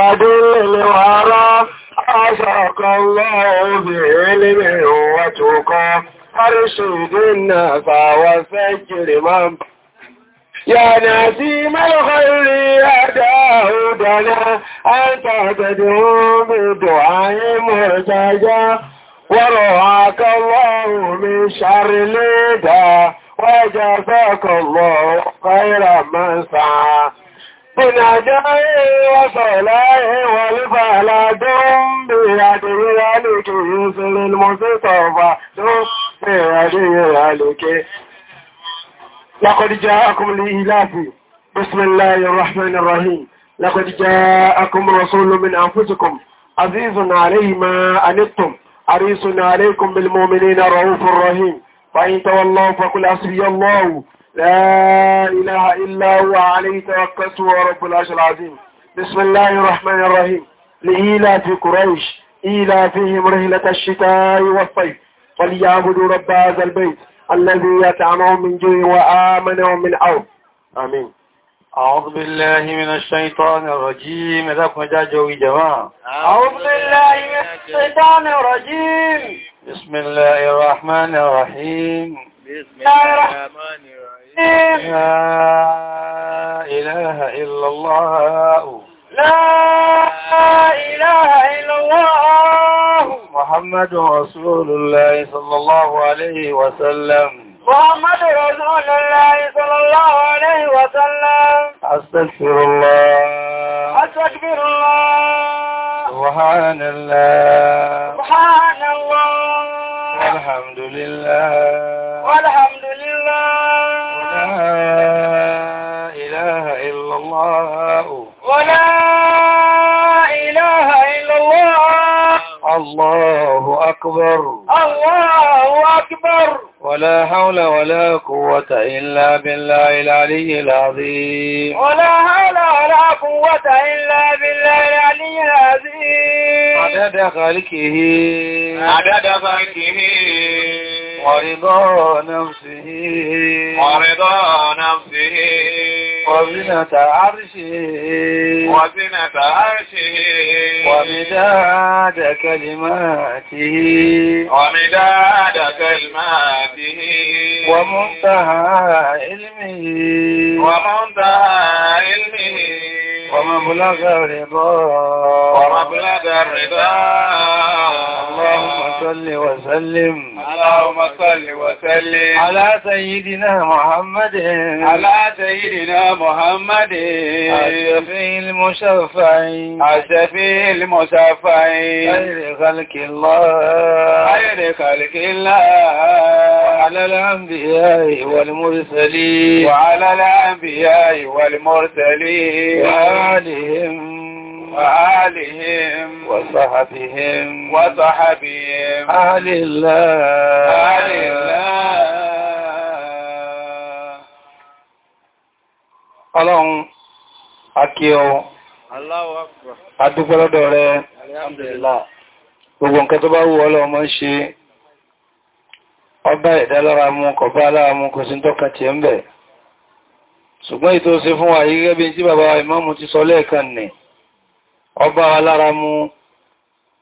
أدل الورى أشرق الله بعلمه وتقى أرشد الناس وفكر من يا نسيم الخير يا داودنا أنت تدعو بدعاء مرتجى ورعاك الله من شر لدى وجزاك الله خير من سعى وصلاه والفعل دم بيده يسر المصطفى دم بيده لقد جاءكم الإلاف بسم الله الرحمن الرحيم لقد جاءكم رسول من أنفسكم عزيز عليه ما أنتم عريس عليكم بالمؤمنين رؤوف الرحيم فإن تولوا فقل حسبي الله لا إله إلا هو عليه توكلت ورب رب العرش العظيم بسم الله الرحمن الرحيم لإيلاف قريش إيلافهم رهلة الشتاء والصيف فليعبدوا رب هذا البيت الذي يطعمهم من جوه وآمنهم من عوف آمين أعوذ بالله من الشيطان الرجيم جاء جاجوا جماعة أعوذ بالله من الشيطان الرجيم بسم الله الرحمن الرحيم بسم الله الرحمن الرحيم لا إله إلا الله لا إله إلا الله محمد رسول الله صلى الله عليه وسلم محمد رسول الله صلى الله عليه وسلم أستغفر الله أستغفر الله سبحان الله سبحان الله والحمد لله أكبر الله أكبر ولا حول ولا قوة إلا بالله العلي العظيم ولا حول ولا قوة إلا بالله العلي العظيم عدد خلقه عدد خلقه ورضا نفسه ورضا نفسه وزنة عرشه وزنة عرشه ومداد كلماته ومداد كلماته ومنتهى علمه ومنتهى علمه ومبلغ رضاه ومبلغ رضاه اللهم صل وسلم اللهم صل وسلم على سيدنا محمد على سيدنا محمد الشفيع المشفع الشفيع المشفع خير خلق الله خير خلق الله وعلى الأنبياء والمرسلين وعلى الأنبياء والمرسلين وعليهم وآلهم وصحبهم وصحبهم أهل الله أهل الله Ọlọ́run akí ọ. Allahu Akbar. Adúgbẹ́ lọ́dọ̀ rẹ̀. Alhamdulillah. Gbogbo nǹkan tó bá wù Ọlọ́run máa ń ṣe ọba ẹ̀dá lára mú kọba alára mú kò sí tọ́ka tí ẹ Ṣùgbọ́n ètò fún wa yí gẹ́gẹ́ tí bàbá Ìmámù ti sọ lẹ́ẹ̀kan nìí ọba alára mú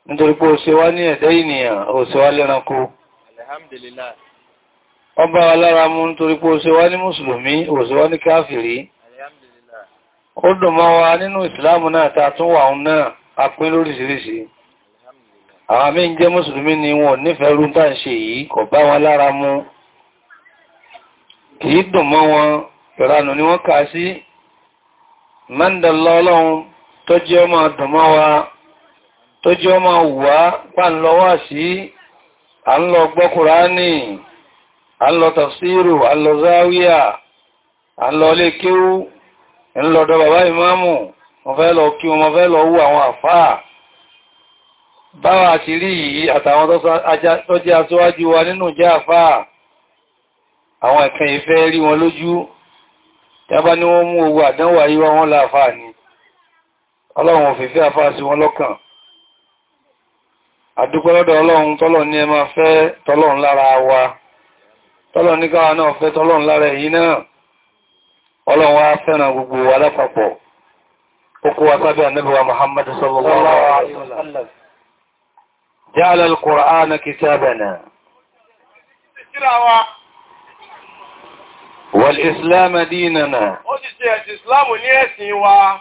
nítorí pé òṣèwá ní ẹ̀dẹ́ ènìyàn òṣèwá lẹ́ranko alhamdulillah ọba alára mú nítorí pé òṣèwá ní mùsùlùmí òṣèwá ní káfìrí alhamdulillah ó dùn mọ́ wa nínú ìsìláàmù náà ta tún wà ń náà a pín lóríṣiríṣi àwọn amí ń jẹ́ mùsùlùmí ni wọn nífẹ̀ẹ́ rú tá ń ṣe yìí kò bá wọn lára mú kìí dùn mọ́ wọn ìranù ni wọ́n kà sí mẹ́ndẹ̀lọ́lọ́run tó jẹ́ ọmọ àdùnmọ́ wa tó jẹ́ ọmọ wà pà ń lọ wá sí à ń lọ gbọ́ Kùránì à ń lọ tafsiru à ń lọ záwíyà à ń lọ lé kéwú ń lọ dọ bàbá ìmáàmù wọ́n fẹ́ lọ kí wọ́n fẹ́ lọ wú àwọn àfáà báwa àti rí yìí àtàwọn tó jẹ́ aṣíwájú wa nínú jẹ́ àfáà àwọn ẹ̀kẹ́ ìfẹ́ rí wọn lójú tí a bá ní wọ́n mú owó àdánwò àyíwá wọn láàfáà ni ọlọ́run fìfẹ́ afá sí wọn lọ́kàn àdúgbọ́lọ́dọ̀ ọlọ́run tọ́lọ̀ ní ẹ máa fẹ́ tọ́lọ̀n lára wa tọ́lọ̀ ní káwa náà fẹ́ tọ́lọ̀n lára èyí náà ọlọ́run wá fẹ́ràn gbogbo wa lápapọ̀ wa sábẹ́ Ànábì wa sallallahu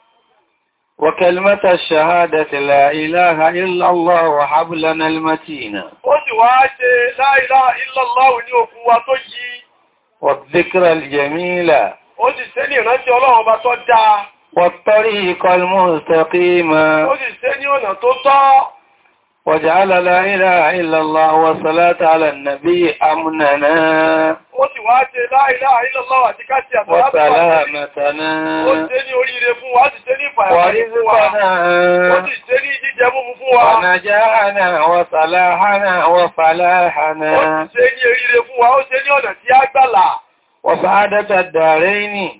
وكلمة الشهادة لا إله إلا الله وحبلنا المتين لا إله إلا الله والذكرى الجميلة والطريق المستقيمة وجعل لا إله إلا الله والصلاة على النبي أمننا وسلامتنا ورزقنا ونجاحنا وصلاحنا وفلاحنا وسعادة الدارين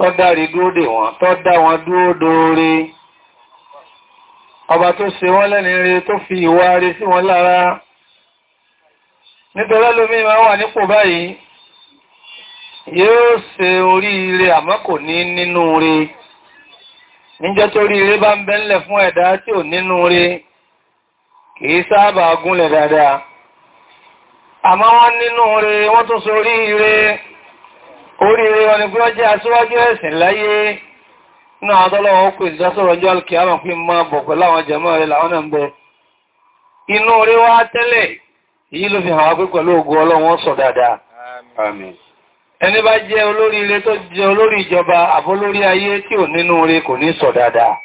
tó dárí dúró dè wọn tó dá wọn dúró dóore ọba tó ṣe wọ́n lẹ́ni rere tó fi ìwà rere sí wọn lára nítorí lómi ma wà nípò báyìí yóò ṣe oríire àmọ́ kò ní nínú re níjọ́ tó rí ire bá ń bẹ́ńlẹ̀ fún ẹ̀dá tí ò nínú re kìí sábà gúnlẹ̀ dáadáa àmọ́ wọ́n nínú re wọ́n tó ṣe oríire ori wọn ni bí wọ́n jẹ́ aṣíwájú ẹ̀sìn láyé náà adọ́lọ́wọ́ kò ìdásọ́rọ̀ ọjọ́ fi máa bọ̀ pẹ̀lú àwọn jẹmọ́ rẹ̀ láwọn inú orí wá tẹ́lẹ̀ èyí ló fi hàn pé pẹ̀lú ogun ọlọ́wọ́n sọ dáadáa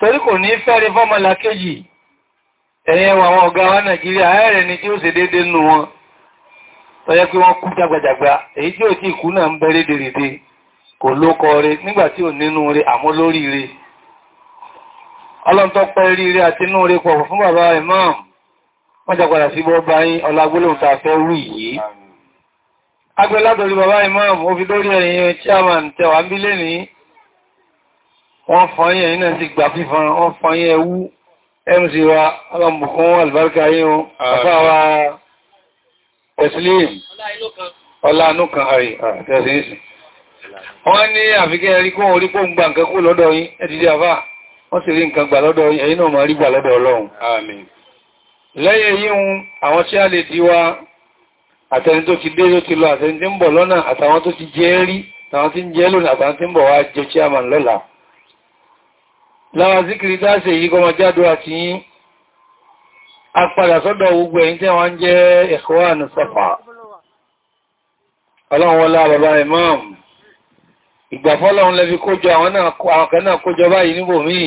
torí kò ní fẹ́rí ẹ̀yẹn ọ̀gá Nàìjíríà ni ó tọ́yẹ́ pé wọ́n kú jágbàjàgbà èyí tí ò tí ìkú náà ń bẹ̀rẹ̀ dèrèdè kò lókọ rẹ̀ nígbàtí ò nínú rẹ̀ àmọ́ lórí rẹ̀ ọlọ́ntọ́pẹ́ rí rẹ̀ àti inú rẹ̀ pọ̀ fún bàbá rẹ̀ mọ́ wọ́n jàgbàrà sí bọ́bá yín ọlágbólóhùn tàà fẹ́ rú yìí imam ó fi lórí ẹ̀yìn chairman tẹwà ń bí lè ní wọ́n fọ́nyẹ̀ iná sí gbà fífan wọ́n fọ́nyẹ̀ ẹwú mc wa ọlọ́mbùkún albarka yíò àfáwà tẹ̀sílìm ọlá inú kan àrí tẹ̀sílìm wọ́n ní àfikẹ́ rí kún orí kó ń gba nǹkan kú lọ́dọ̀ yín ẹ̀dìdì àfá wọ́n sì rí nǹkan gbà lọ́dọ̀ yín ẹ̀yin náà máa rí gbà lọ́dọ̀ Ọlọ́run àmín lẹ́yìn a lè di wa àtẹni tó ti dé ló ti lọ àtẹni tí ń bọ̀ lọ́nà àtàwọn tó ti jẹ́ rí àtàwọn tí ń jẹ́ lónìí àtàwọn tí ń bọ̀ wá jẹ́ chairman lọ́la lára zikiri apadà sọ́dọ̀ gbogbo ẹ̀yin tí wọ́n jẹ́ Ikhwan Safa ọlọ́wọ́lá bàbá imam ìgbàfọ́lọ́run lẹ́fi kójọ àwọn kan náà kójọ báyìí níbò míì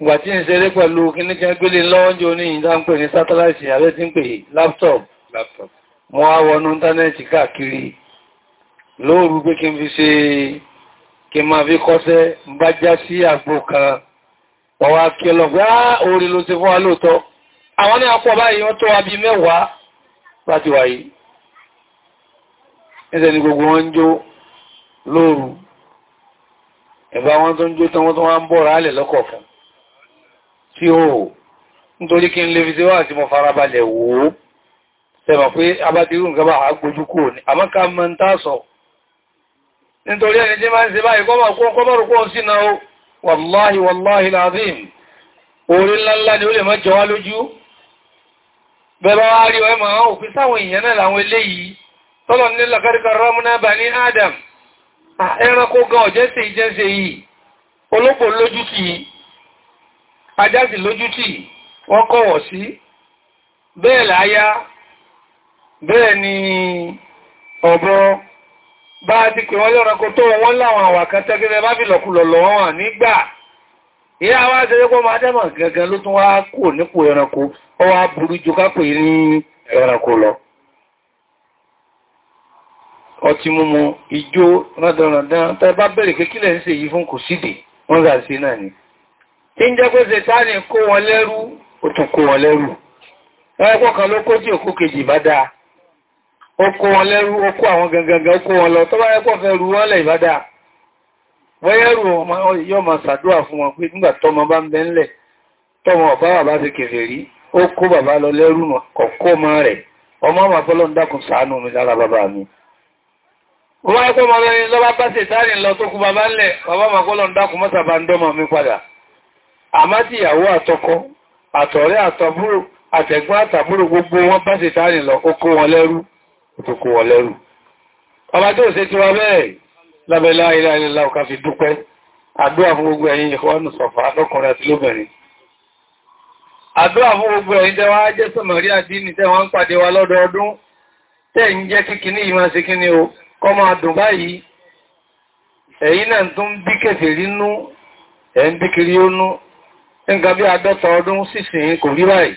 ìgbà tí ń ṣeré pẹ̀lú kíníkẹ́ gbélé lọ́wọ́njò ní ìdánpè ní laptop mo wá wọnú íńtánẹ́ẹ̀tì káàkiri lóòrù pé kí n fi ṣe kí n máa fi àwọn ní àpọ̀ báyìí wọ́n tó àbí mẹ́wàá láti wà yìí ẹ̀sẹ̀ ni gbogbo wọn ń jó lóòrù ẹ̀bá wọn tó ń jó tán wọ́n tó wá ń bọ́ra alẹ̀ lọ́kọ̀ọ̀kan tí ó nítorí kí n lè fi sí wà tí mo farabalẹ̀ wò ó sẹ́mà pé ni ó lè mọ́ jọ wá lójú bẹ̀rẹ̀ o rí ọmọ àwọn òfin sáwọn èèyàn náà làwọn eléyìí tọ́lọ̀ ní lọ́kàríkà rọ́múná bà ní Adam ẹranko gan ọ̀jẹ́sẹ̀ ìjẹ́sẹ̀ yìí olóko lójútì ajáàsì lójútì wọ́n kọ̀wọ̀ sí bẹ́ẹ̀ láyá bẹ́ẹ̀ ni ọ̀bọ bá ti pè wọ́n tó wọ́n láwọn tẹ́gẹ́rẹ́ bá wọn nígbà ìyá wá ṣe ọ wá burú ju kápò ní ẹranko lọ ọtí múmu ijó rádọ́rọ̀dán tẹ́ bá bẹ̀rẹ̀ pé ń yìí fún kò sídè wọ́n sí náà ni tí ń wọn lẹ́rú wọn lẹ́rú ẹ̀kọ́ kan ló kó tí òkú wọn lẹ́rú ó kó àwọn ó kó wọn lọ bá ẹ̀kọ́ fẹ́ wọ́n lẹ̀ wọ́yẹ́rù ṣàdúrà fún wọn pé nígbà tọ́mọ bá ń ó kó bàbá lọ lẹ́rù kọ̀kọ́ mọ́ rẹ̀ ọmọ ọmọ fọ́lọ́ ń dákùn sàánú mi lára bàbá mi wọ́n ẹgbẹ́ ọmọ lọ lọ́bá bá ṣe tààrí lọ tó kú bàbá ńlẹ̀ bàbá mọ̀kọ́lọ̀ ń dákùn mọ́ta bá ń dọ́mọ̀ mi padà àmá tí ìyàwó àtọkọ àtọ̀rẹ́ àtọ̀búrò àtẹ̀gbọ́n àtàbúrò gbogbo wọn bá ṣe tààrí lọ ó kó wọn lẹ́rú tó kó wọn lẹ́rú ọba tó ṣe tí wá bẹ́ẹ̀ lábẹ́lá ilá ilẹ̀ láwùká fi dúpẹ́ àdúrà fún gbogbo ẹ̀yin ìfọ́nù sọ̀fà lọ́kùnrin àti lóbìnrin àdúrà fún gbogbo ẹ̀yin tẹ́ wá jẹ́ sọmọ̀rí àdínì tẹ́ wọ́n ń pàdé wa lọ́dọọdún tẹ́ ń jẹ́ kíkiní yìí máa ṣe kíní o kọ́ máa dùn báyìí ẹ̀yin náà tún bí kẹfẹ̀ rínú ẹ̀ bí kiri ó nú nǹkan bí àádọ́ta ọdún sísìn kò rí báyìí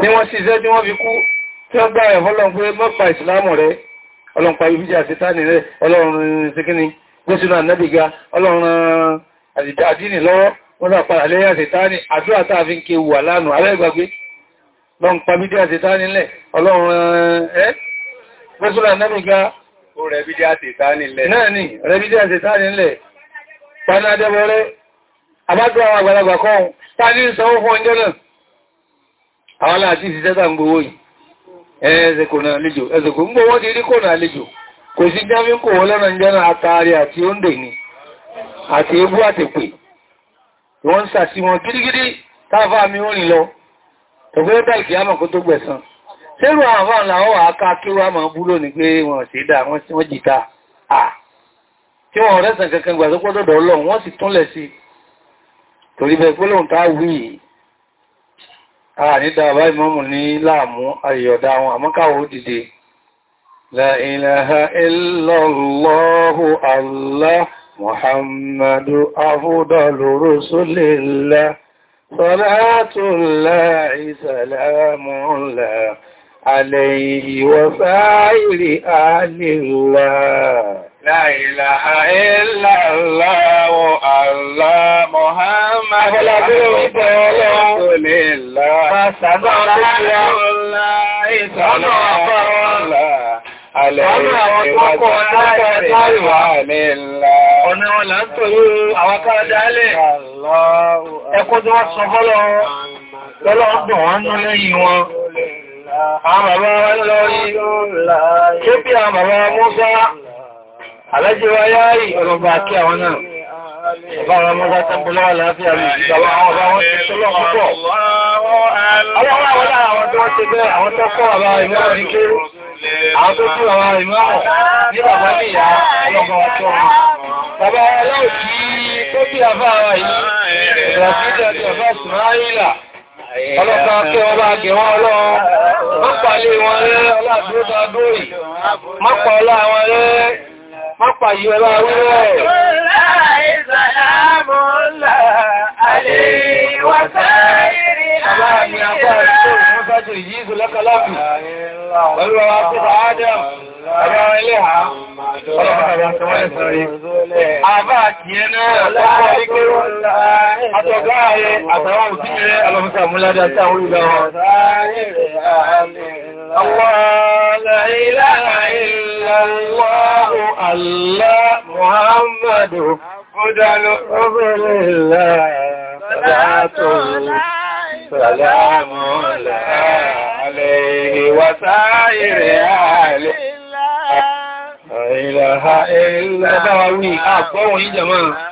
ní wọ́n sí iṣẹ́ tí wọ́n fi kú tí wọ́n gbá ẹ̀họ́ lọ pé mọ́pa ìsìlámù rẹ̀ ọlọ́pàá ìbíjà sítánì rẹ̀ ọlọ́run síkíní gbóṣùnà nẹ́bìga ọlọ́run àdínì lọ́wọ́ wọ́n sàpàdà lẹ́yà sítánì àdúrà tààfin kí wà lánà alẹ́gbàgbé lọ́npa bídíà sítánì lẹ̀ ọlọ́run ẹ́ gbóṣùnà nẹ́bìga rẹ̀ bídíà sítánì lẹ̀ náà ni rẹ̀ bídíà sítánì lẹ̀ panadẹ́bọrẹ́ àbádọ́ àwọn àgbàlagbà kan tàbí ìsanwó fún ọjọ́ náà àwọn aláàtí ìsìsẹ́ tà ń gbówó yìí ẹ̀ẹ́sẹ̀ kò náà àlejò ẹ̀sẹ̀ kò ń gbówó ti rí kò àlejò kò sí jámí kò wọ́n jẹ́nà àtàrí àti oúnjẹ ni àti ebú àtẹ̀pẹ̀ wọ́n sàtí wọn gidigidi táfà mi ó rìn lọ tọ̀fẹ́lẹ́dà ìkìyàmà kó tó gbẹ̀san sẹ́rù àwọn àwọn àká kí wá máa bú lónìí pé wọ́n sì dá wọ́n sí wọ́n jìta tí wọ́n rẹ́sàn kankan torí bẹ̀ gbólóhùn táà wí ànídà bá ìmọ́mù ní láàmú àyọ̀dá wọn àmọ́kàwò dìde la ilaha illallahu allah muhammadu afdalu rasulillah salatullahi salamullah alayhi wa sa'iri Láìláà ìlàláwò àlá Mọ̀hámà Abọ́lábí orúkọ ọlọ́run lè láà. Pàṣàdọ́ ọlá ìtọ́nà àpárọ́lá. Àlẹ́ ìwájọ́ ìwà ní ìlà. Ọ̀nà wọn là ń tò yóò àwọn kára dálẹ̀. Ẹkùn tí wọ́n sọ fọ́lọ́ lọ́lọ́dùn wọn nú lẹ́yìn wọn. Àwọn bàbá wọn lọ rí. Ṣé bí àwọn bàbá Mùsá Alájẹ́ wa yáàrí ọlọ́gbà kí àwọn náà. Ọba àwọn ọmọ ọgbàtà bọ́lọ́wà láàáfíà rí ìgbàwà àwọn ọba wọn ti tọ́lọ̀ púpọ̀. Ọlọ́wà àwọn àwọn tó wọ́n ti bẹ́ àwọn tó kọ́ àbá ìmọ́ ní kéré. Àwọn tó kú àwọn ìmọ́ ní bàbá ní ìyá ọlọ́gbà wọn tó wọn. Bàbá ọlọ́wà kí tó bí àbá àwọn yìí, ìgbàfídà ti àbá Ọlọ́pàá kí wọ́n bá gẹ̀ wọ́n ọlọ́run, mọ́pàá lé wọn rẹ́ ọlá àdúrógbà dóì, mọ́pàá ọlá wọn rẹ́ Pápá yìí ẹlá wíwẹ̀. Pẹ̀lú ọwá pẹ̀lú Adam, ọ̀rọ̀ ilé ha, ọlọ́pàá àti wọ́n ìsọ̀rọ̀. Àbá àti ẹnà ọ̀pọ̀ ìgbèrò, àtọ̀gá ààrẹ àtàwọn òtí rẹ̀ alọ́mùsàmúládá táwọn ìgbà wọn. الله محمد هدى رسول الله صلاة سلام عليه وسائر آله لا إله إلا الله أكبر يا جماعة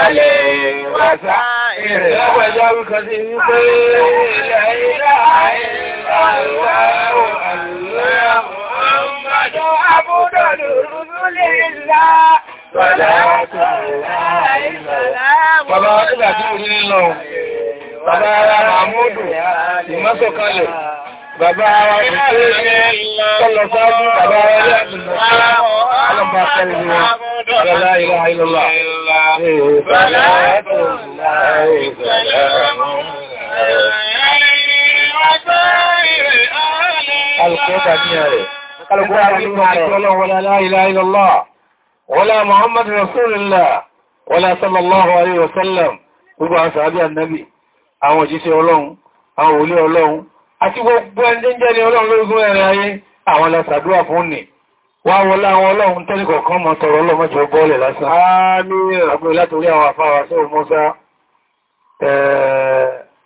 alẹ́ wáṣà ìrẹ̀. Lọ́pẹ̀jọ́ wíkan sí wípé ilẹ̀ ìlà àìlọ́wọ́ àlùwẹ̀ ọmọdé abúdọ̀ lòrú lè là. Bàbá wa nígbà tí mo ní lọ, bàbá ara Mahmudu, ìmọ́sọ̀kalẹ̀ bàbá wa tọ́lọ sáájú bàbá wa ní àtìlọ́sí alọ́mbà tẹ́lẹ̀ ni wọ́n bàbá ìlà ìlọ́lá bàbá ìlà ìlọ́lá ولا محمد رسول الله ولا صلى الله عليه وسلم gbogbo àwọn sàábí ànábì àwọn òjíṣẹ́ ọlọ́run àwọn òlé ọlọ́run àti gbogbo ẹni jẹ́ ní ọlọ́run lóògùn ẹ̀rẹ̀ ayé àwọn lásàdúwà fún nì wá wọlá àwọn ọlọ́run tẹ́lẹ̀kọ̀ kan mọ́ tọrọ ọlọ́mọ́jọ bọ́ọ̀lẹ̀ lásán ààrẹ látorí àwọn àfáwà sóò mọ́sá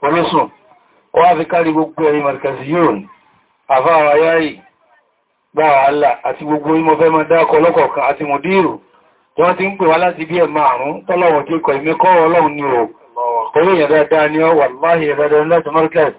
ọlọ́sùn eh, wá fi kárí gbogbo ẹ̀rí markazi yóò àfáwà yáyì gbà wàhálà àti gbogbo imọ̀ fẹ́ máa dákọ̀ ọlọ́kọ̀ọ̀kan àti mùdírù tí wọ́n ti ń pè wá láti bí ẹ̀ márùn-ún tọ́lọ̀wọ̀n kíkọ̀ ìmẹ́kọ́ ọlọ́run ni ò kọ́lé ìyẹ̀dáadáa ni wà láàáyẹ̀ ìrẹ́dẹ̀ láti markazi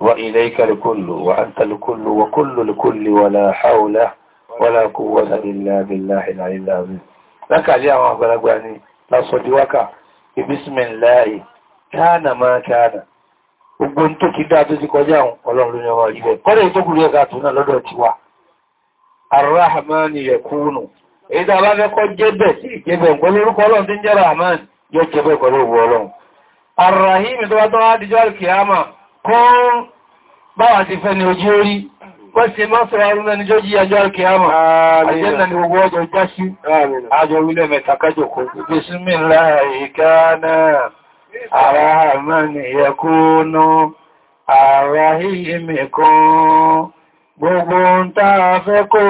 وإليك الكل وأنت الكل وكل الكل ولا حول ولا قوة إلا بالله العلي العظيم لك علي أما بلغواني لا صديوك بسم الله كان ما كان ogun tó ti dáa tó ti kọjá ọlọ́run ló ní ọmọ ìbẹ̀ kọ́lẹ̀ tó kúrò ẹ̀ka tó náà lọ́dọ̀ ti wà arrahmani yakunu èyí tàà bá fẹ́ kọ́ jẹ́bẹ̀ sí ìjẹ́bẹ̀ pẹ̀lú orúkọ ọlọ́run tí ń jẹ́ rahman yóò jẹ́bẹ̀ pẹ̀lú ọlọ́run arrahim tó wá tó wá dìjọ́ alkiyama kọ́ báwa ti fẹ́ ni ojú orí wọ́n ti máa fẹ́ arúnà ní jọ́ jíyà jọ́ àmà àjẹ́nà ni gbogbo ọjọ́ já sí àjọ orílẹ̀ mẹ́ta kájọkọ́ bismillahi kana arrahmani yakunu arrahimi kan gbogbo ń táa gbogbo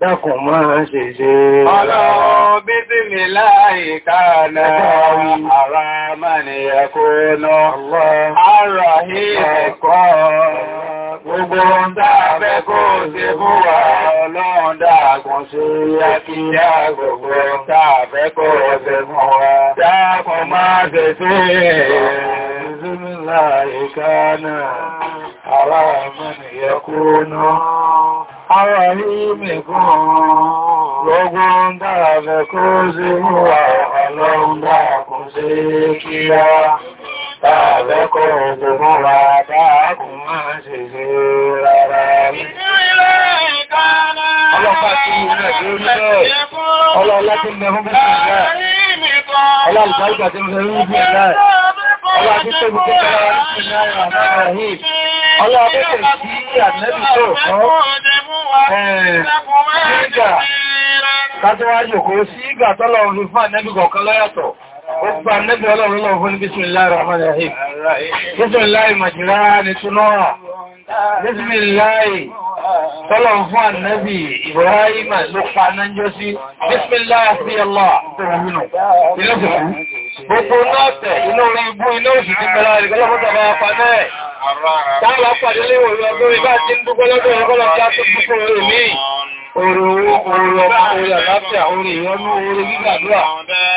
dákùn máa ṣe ṣe ọlọ́run bí sí mi láì káàná ara mánìyà kó náà ara ẹ̀kọ́ gbogbo ń dáàbẹ́ kó ṣe fún wa ọlọ́run dákùn sí yàkíyà gbogbo ń dáàbẹ́ kó ṣe fún wa dákùn máa ṣe ṣe Bismillah ikana ara man yakunu ara rí mẹ́kún lọ́gbọ́n dára mẹ́kó sí múwà ọlọ́run dára kò sí kíyá tààbẹ́kọ̀ ọ̀dọ̀ múra dáàkùn máa ṣe ṣe rárá rí ọlọ́pàá tí ó tí ó rí bẹ́ẹ̀ ọlọ́ọ̀lá tí mẹ́fún bí i ṣe ọlọ́ọ̀lá tí tí mẹ́fún bí Kátọ́wájò kò sí ìgbà tọ́lọ̀ orin fún ànẹ́bì kọ̀ọ̀kan lọ́yàtọ̀. Ó gba ànẹ́bì ọlọ́run lọ fún ní Bismillahir Rahmanir Rahim. Bismillahi majraha ni túnọ́rà. Bismillahi tọ́lọ̀ fún ànẹ́bì Ibrahim ló pa nájọ́ sí. Bismillahi sí Allah tó wúnà. Táàbà pàdé léwò lọ lórí bá ti ń dúpẹ́ lọ́dọ̀ ọgọ́lọ́ tí a tó kú fún orí mi. Oòrò owó, oòrò ọmọ, oòrò àlàáfíà, oòrò ìyọnú, oòrò gbígbàdúrà,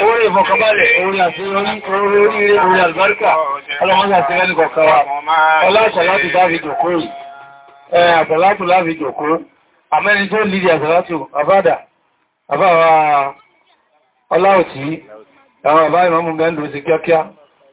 oòrò ìfọ̀kànbalẹ̀, oòrò àṣeyọrí, oòrò oríire, oòrò àlùbáríkà, ọlọ́mọdé àti rẹ́nì kọ̀ọ̀kan wa. Ọlá àṣàlátù láfi jòkó yìí. Ẹ àṣàlátù láfi jòkó. Àmẹ́ni tó lìdí àṣàlátù, àbádà, àbáwa ọlá òtí, àwọn àbá ìmọ̀mù gẹ́ndù sí kíákíá.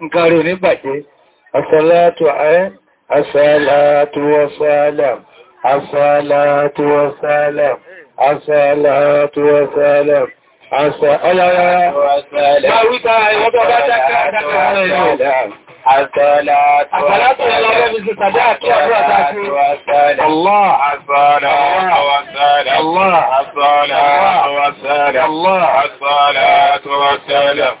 نكاري نباكي الصلاة عين الصلاة والسلام الصلاة والسلام الصلاة والسلام الصلاة والسلام الله الله الله الله الله الله الله الله الله الله الله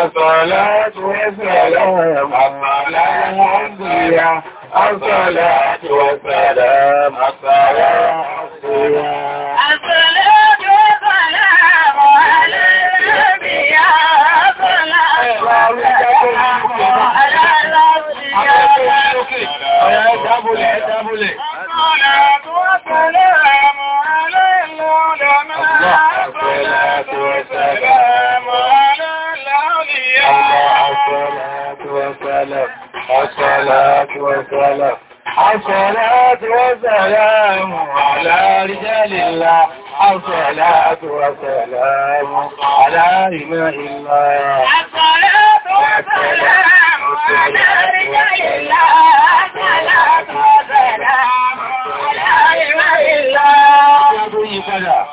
الصلاة والسلام على الأنبياء الصلاة والسلام على الأنبياء والصلاة والسلام الصلاة والسلام على رجال الله الصلاة والسلام على إماء الله الصلاة والسلام على رجال الله الصلاة والسلام على إماء الله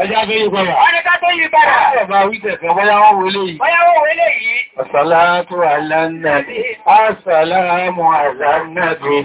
Ẹjá fẹ́ yí padà. Wọ́n ni ká tó yí padà. Ọba wítẹ̀ fẹ́ bọ́yáwó wọlé yìí. Bọ́yáwó wọlé yìí. Àṣàlátù alánàbì. Àṣàlámù alánàbì.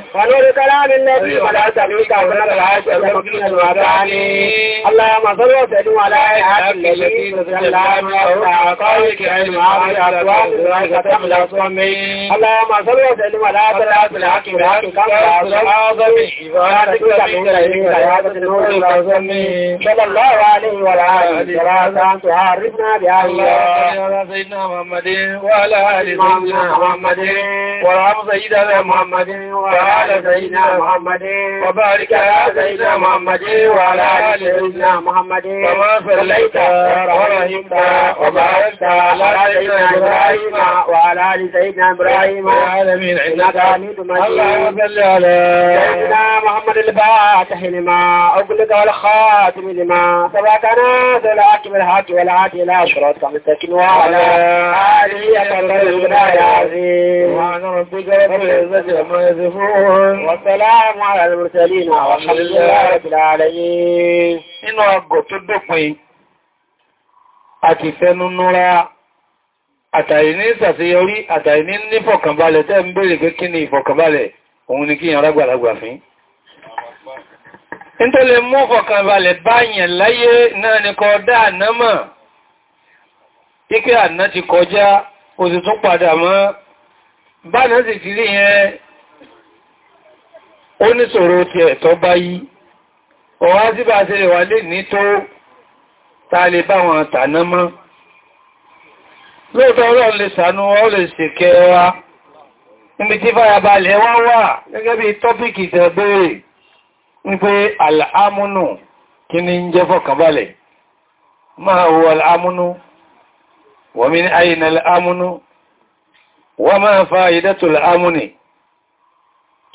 ونور كلام النبي ولا سبيك ولا العاشر المبين الوطاني اللهم صل وسلم على احد الذي نزل على قولك علم عامل اقوام ذلك تخلص مني اللهم صل وسلم على ثلاث الحق والحق كما العظم وعليك من العبادة النور العظم صلى الله عليه وعلى اله وصحبه تعرفنا بأهل سيدنا محمد وعلى آل سيدنا محمد وعلى سيدنا محمد وعلى على سيدنا محمد وبارك على سيدنا محمد وعلى آل سيدنا محمد كما صليت ورحمت وباركت على سيدنا إبراهيم وعلى آل سيدنا إبراهيم العالمين إنك حميد مجيد اللهم صل على سيدنا محمد الفاتح لما أغلق والخاتم لما سبق نازل أكمل الحق والعادي لا شرط مستكين وعلى آله يا العظيم سبحان ربك رب العزة عما يصفون Wọ̀sẹ̀láàmù ara ìrìnṣẹ́lì náà wọ́n ṣe lọ́rẹ̀ ìlàrẹ̀ yìí nínú ọgọ̀ tó dópin àti fẹ́núnúra ní ìsàṣeyọrí àtàrí ní nífọ̀kànbalẹ̀ tẹ́ ń tó lè mú fọ̀kànbalẹ̀ báyàn láyé náà ni kọ dá àná mọ̀ ike àná ti kọjá ó sì padà mọ́ báyàn sì ti rí yẹn ó ní sọ̀rọ̀ ti ẹ̀tọ́ bá yí ọwá sí bá ṣe wà lè ní tó ta lè bá wọn tàná mọ́ lóòtọ́ ọlọ́run lè sànú ọ lè ṣèkẹ́ wa níbi tí fàyàbalẹ̀ wá wà gẹ́gẹ́ bí tọ́pìkì tẹ̀bẹ̀rẹ̀ wípé al'amúnù kí ni ń jẹ́ fọkànbalẹ̀ máa wo al'amúnù wa min ayna al'amúnù wa ma fa'idatu al'amúnì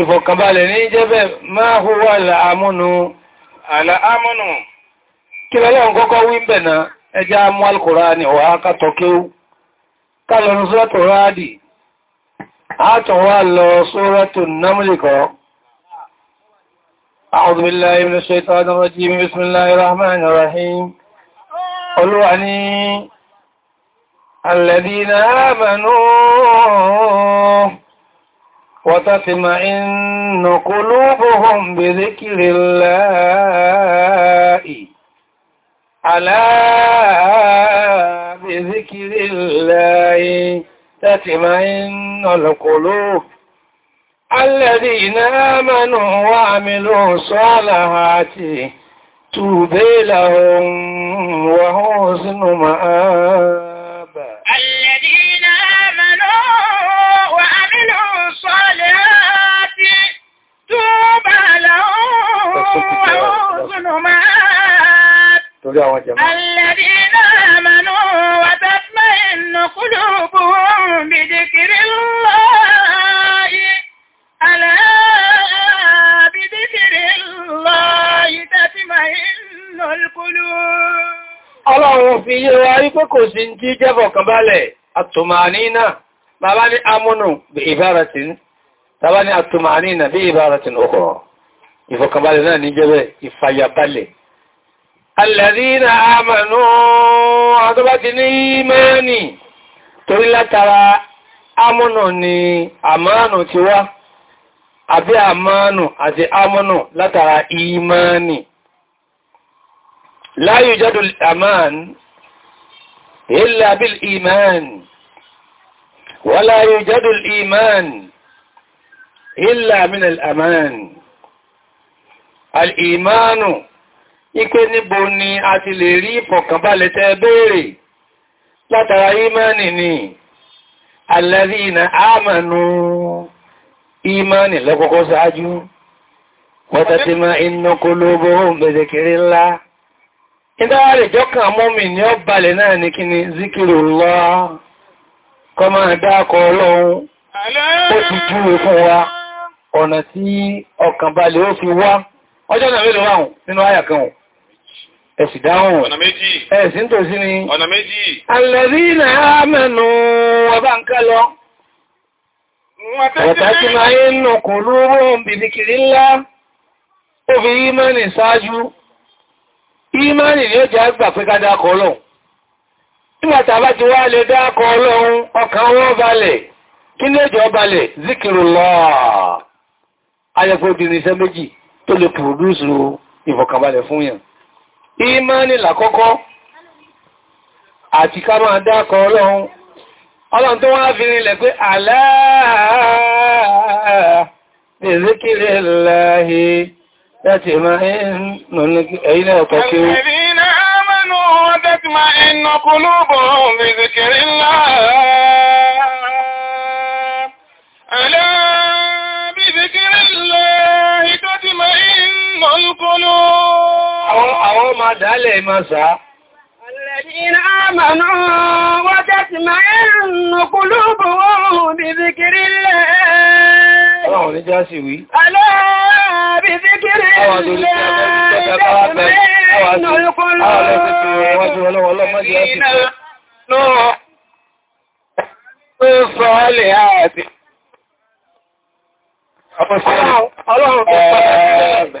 ìfọ̀kànbalẹ̀ ní jẹ́bẹ̀ máa húwà àmúnu àmúnu kí ala kọ́kọ́ wí bẹ̀ náà ẹjá mú alkùránì wà kàtọ̀ kéwú kálọ̀nù sọ́tọ̀ ráàdì àtọ̀ wà lọ suratul namli kọ́ أعوذ بالله من الشيطان الرجيم بسم الله الرحمن الرحيم قلوا عني الذين وتطمئن قلوبهم بذكر الله ألا بذكر الله تطمئن القلوب الذين آمنوا وعملوا صالحات توبي لهم وحسن مآب lójú àwọn jẹmọ́. Alladhina amanu wa tatma'innu qulubuhum bi dhikrillahi ala bi dhikrillahi tatma'innul qulub. Ọlọ́run fi yé wa rí pé kò sí jí jẹ́bọ̀ kan bálẹ̀, àtùmànínà, bàbá ní amúnù bí ìbáratin, tàbá ní àtùmànínà bí ìbáratin ọkọ̀. Ìfọ̀kànbalẹ̀ náà ní jẹ́bẹ̀ ìfàyàbalẹ̀. Alladhina amanu àwọn tó bá ti ní ìmánì torí látara amọ́nà ni àmánù ti wá, àbí àmánù àti amọ́nà látara ìmánì. La yujadu al-aman illa bil iman, wa la yujadu al-iman illa min ipé níbo ni a ti lè rí ìfọ̀kànbalẹ̀ tẹ́ látara ìmánì ni alladhina amanu ìmánì lọ́kọ́kọ́ sáájú wọ́tàtí ma inú qulubuhum bi dhikrillah ìdáwàrí jọ́kàn mọ́mì ní ọbalẹ̀ náà ní kíni zikirullah kọ máa dákọ ọlọ́run ó ti júwe fún wa ọ̀nà tí ọkàn ó fi wá ọjọ́ náà mélòó wáhùn nínú ẹ̀sì dáhùn ọ̀nà méjì ẹ̀sì ń tòsí ni ọ̀nà méjì alẹ́rí ilẹ̀ àmẹ́nu ọba ń ká lọ ọ̀tá tí máa ń nù kùn lóró bìbìkìrí ńlá ó fi ìmánì ṣáájú ìmánì ni ó jẹ́ àgbà pé ká dákọ̀ ọlọ́run nígbàtà bá ti wá lè dákọ̀ ọlọ́run ọkàn wọn balẹ̀ kí ní èjọ balẹ̀ zikirullah ayẹ́fẹ́ obìnrin ìmánì làkọ́kọ́ àti ká máa dákọ ọlọ́run ọlọ́run tó wá fi rinlẹ̀ pé aláàá ìzíkiri láàáhí máa ń ẹ̀yìn ọ̀kọ̀ kí ó Àlá bí zikiri Allah, ìtọ́ ti máa ń nà ń àwọn ọmọ dálẹ̀ ìmọ̀ sáà. Alladhina amanu wa tatma'innu qulubuhum bi dhikrillah. Ọlọ́run ní já sí wí. Alá bi dhikrillah. Àwọn àdúrí Ọlọ́run tó pàdà sí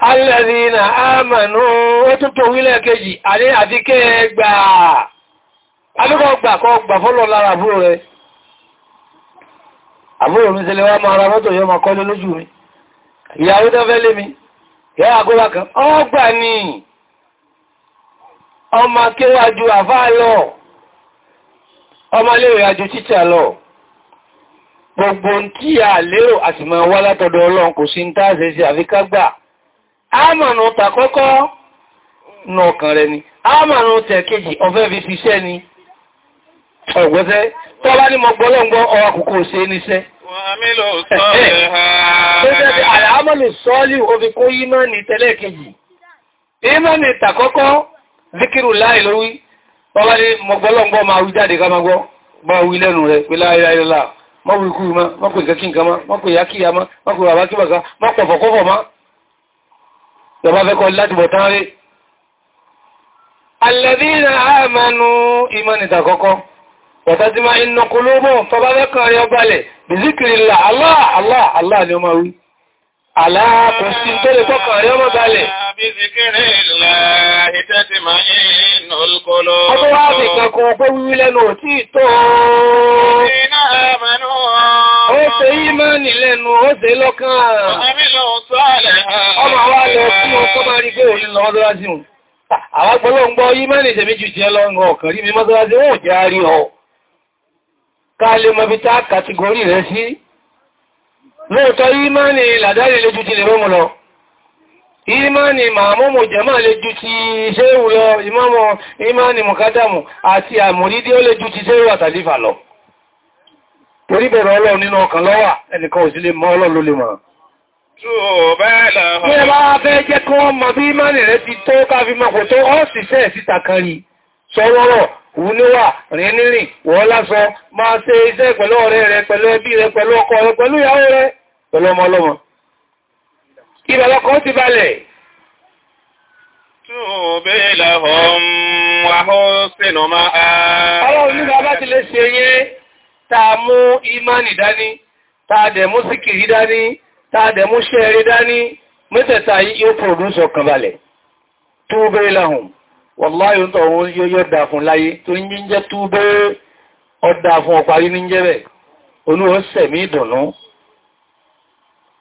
Alẹ́rìnà àmànú ó tún tó wílẹ̀ kejì, àní àti kẹ́ gbà. Alúkọ̀ gbà kọ́ gbà fọ́lọ̀ lára àbúrò rẹ̀. Àbúrò mi sílẹ̀ wá máa ra mọ́tò yọ máa kọ́lé lójú mi. Ìyàwó tó fẹ́ lé mi, yẹ́ àgóbá kan, ọ gbà ní ọmọ kéwàjú àfáà lọ, ọmọ léèrè àjò títà lọ gbogbo tí a lérò àti máa wá látọ̀dọ̀ ọlọ́run kò sí ń tàà ṣe sí àfikágbà ámànù tàkọ́kọ́ nà ọkàn rẹ̀ ni ámànù tẹ̀kejì ọ̀fẹ́ fi ṣiṣẹ́ ni ọ̀gbẹ́fẹ́ tọ́lá ní mọ gbọ́lọ́gbọ́ ọwà kòkó ṣe níṣẹ́ àmànù sọ́ọ́lì òfin zikiru mọ́kù ìkẹ́kí nǹkan má mọ́kù má mọ́kù mọ́kù ọ̀fọ̀kọ́fọ̀ má tọba fẹ́ kọ láti bọ̀ tán rí alladhina ìmọ̀nìtà kọ́kọ́ wọ̀tá tí máa inú kulúbù tọba fẹ́ kàn rí ọgbàlẹ̀ bí zikrillah Allah Allah Allah ni ó máa wí aláàkùn sí tó lè kọ́kàn Ó ṣe yí máa nì lẹ́nu, ó ṣe lọ́kàn. Ọmọ wa lọ sí wọn kọ́ máa rí pé òní lọ mọ́sálásí hùn. Àwọn agbọ́lọ́gbọ́ yí máa nì ṣe méjì jẹ́ lọ́rùn ọkàn rí mi mọ́sálásí wọ́n jẹ́ àárí ọ. Ká lè mọ bí tá kàtígórì rẹ̀ sí. Lóòtọ́ yí máa nì làdáre lójú Ìmáni màmúmù jẹ́mà lè ju ti ṣéhù lọ, ìmáni mùkádàmù àti àmùrídí ó lè ju ti ṣéhù àtàlífà lọ torí bẹ̀rẹ̀ ọlọ́run nínú ọkàn lọ́wà ẹnìkan ò sí lè mọ̀ ọlọ́run ló lè mọ̀ tó bẹ́ẹ̀ náà wọ́n bá fẹ́ jẹ́ kí wọ́n mọ̀ bí mánì rẹ̀ ti tó káfí mọ̀kò tó ọ́ sì sẹ́ síta kan rí sọ́rọ̀rọ̀ wúníwà rínrìn wọ́n lásọ máa ṣe iṣẹ́ pẹ̀lú ọ̀rẹ́ rẹ pẹ̀lú ẹbí rẹ pẹ̀lú ọkọ rẹ pẹ̀lú ìyàwó rẹ pẹ̀lú ọmọ ọlọ́mọ ìbẹ̀lọ́kọ́ ti ti ta mú imani dání ta dẹ̀ mú síkìrí dání ta dẹ̀ mú ṣẹ́ẹ̀rẹ́ dání mẹ́tẹ̀ta yóò pọ̀dúsọ kanbalẹ̀ tó bẹ́ẹ̀ láhùn wàláyé ń tọ̀wọ́ yóò dà fún láyé tó ń jí ń jẹ́ tó bẹ́ẹ̀ ọdà fún ọparí ní jẹ́bẹ̀ onú ó sẹ̀mí ìdùnnú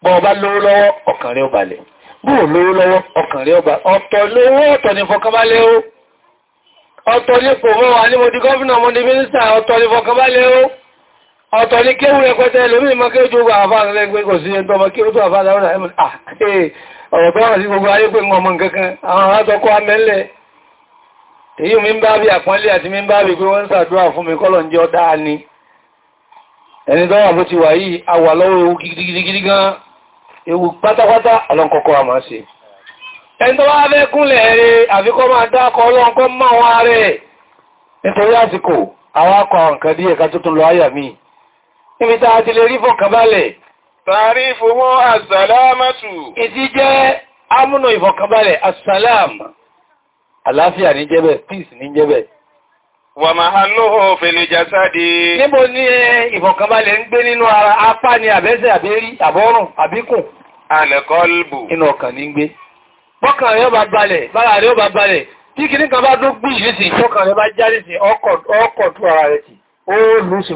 bọ́ọ̀bá lówó ọ̀tọ̀ ní fọkànbalẹ̀ mọ́ wà ní mo di gọ́ọ̀fìnà mo di mínísítà ọ̀tọ̀ ní fọkànbalẹ̀ ó ọ̀tọ̀ ni kéwù rẹpẹtẹ ẹlòmí ma kí ó tó gbà àfáà kò sí ẹntọ́ ma kí ó tó àfáà láwọ́nà ẹmọ̀ ah, eh, ọ̀rọ̀ pé wọ́n sí gbogbo ayé pé ọmọ nǹkankan àwọn mi ń bá bí mi ń bá bí pé wọ́n fún mi ni ẹni tọ́wà ti wà yìí a wà lọ́wọ́ ewu gidigidi gan ewu pátápátá ọlọ́nkọ́kọ́ a máa ṣe ẹni tọ́wà fẹ́ kúnlẹ̀ rẹ̀ àfikọ́ máa dákọ̀ ọlọ́nkọ́ máa wá rẹ̀ nítorí àsìkò àwọn akọ̀ nǹkan díẹ̀ ká níbi tàà ti lè rí fọkànbalẹ̀. Tàrí fowó àsàlámàtù. je jẹ́ ámúnà ìfọkànbalẹ̀ àsàlám. Àláfíà ní jẹ́bẹ̀, peace ní jẹ́bẹ̀. Wà máa ha lóhò fèlè jásádé. Níbo ní eh, ìfọkànbalẹ̀ ń gbé nínú ara apá ni àbẹ́sẹ̀ àbẹ́rí, àbọ́rùn, àbíkùn. Àlẹ̀kọ́lbù. si.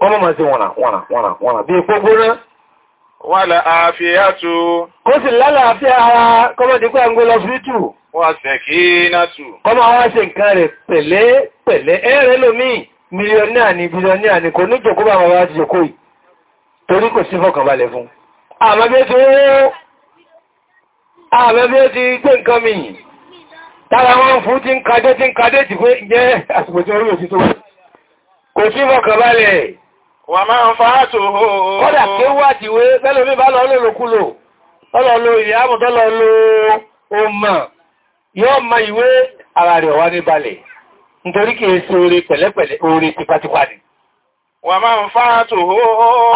kọmọ ma sí wọ̀nà wọ̀nà wọ̀nà wọ̀nà bí gbogbo rẹ̀ wà lẹ́ àfíyàtò kó sì lálẹ́ àfíyà ara kọmọ dípẹ́ ń gbé lọ sí tù wà sẹ̀kínàtù kọmọ àwọn ṣe nǹkan rẹ̀ pẹ̀lẹ́ pẹ̀lẹ́ ẹ̀rẹ́ lómi mílíọ̀nìyà ni bílíọ̀nìyà ni kò ní jòkó bá wọn wá ti jòkó yìí torí kò sí fọkànbalẹ̀ fún àmọ́ bí ó ti tára wọn fún ti ń kadé ti ń kadé ti pé jẹ́ àsìkò tí orí òsì tó kò sí fọkànbalẹ̀ wà máa ń fàá tó hó. kọ́dà kí tìwé pẹ́lú mi bá lọ lòlòkulò ọlọ́lọ́ ilẹ̀ àmùtọ́lọ́ lo ọmọ yóò ma ìwé ara rẹ̀ wá ní balẹ̀ nítorí kìí ṣe oore pẹ̀lẹ́pẹ̀lẹ́ oore tipátipá wà máa ń fàá tó hó.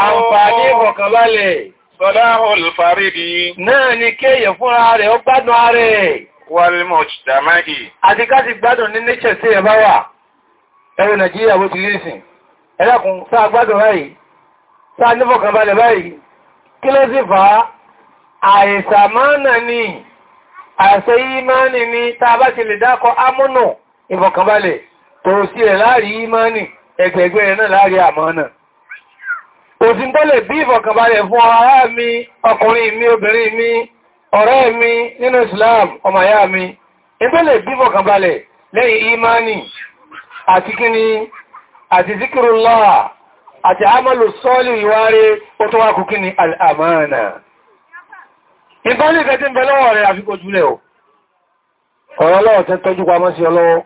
àǹfààní ní ẹ̀lẹ́kùn sáà gbádùn báyìí sáà nífọ̀kànbalẹ̀ báyìí kí ló sì fà á àìsàmánà ni àṣẹ ìmáni ni tá a bá ti lè dákọ̀ ámúnù ìfọ̀kànbalẹ̀ tó sí ẹ̀ láàrí ìmáni ẹgbẹ̀gbẹ̀ rẹ̀ náà láàrí àmánà òsìn tó lè bí ìfọ̀kànbalẹ̀ fún ará mi ọkùnrin mi obìnrin mi ọ̀rẹ́ mi nínú Islam ọmọ ìyá mi ìgbẹ́lẹ̀ bí lẹ́yìn ìmáni àti kíni àti zikirullah àti amalu sọ́ọ̀lì ìwárí ó tó wá kú kí ni al'amana ìbánilẹ̀ tí ń bẹ lọ́wọ́ rẹ̀ àfikò jùlẹ̀ o ọ̀rọ̀ lọ́wọ́ tẹ́ tọ́jú pamọ́ sí ọlọ́wọ́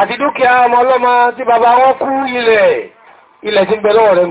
àti dúkìá ọmọ ọlọ́mọ tí bàbá wọn kú ilẹ̀ ilẹ̀ tí ń bẹ lọ́wọ́ rẹ̀ ń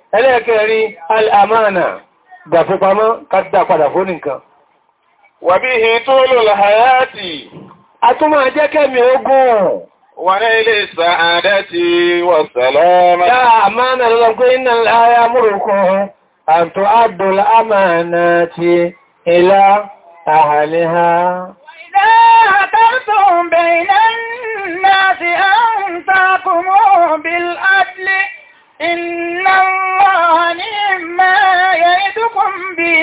ẹlẹ́ẹ̀kẹ́rin al'amáàna gbàfipamọ́ kàtà padà fún nìkan wà bí i tó lò láhàyàtì a tún máa jẹ́ kẹ́mì ogun wà ní ilé sàádẹ́tì wà sàlọ́mà láàmáàna lọ́gbé iná láyá múrùkún àtò ti ilá àhàlìhá بين الناس أن Inna Allah ni'ma ya'idukum bi.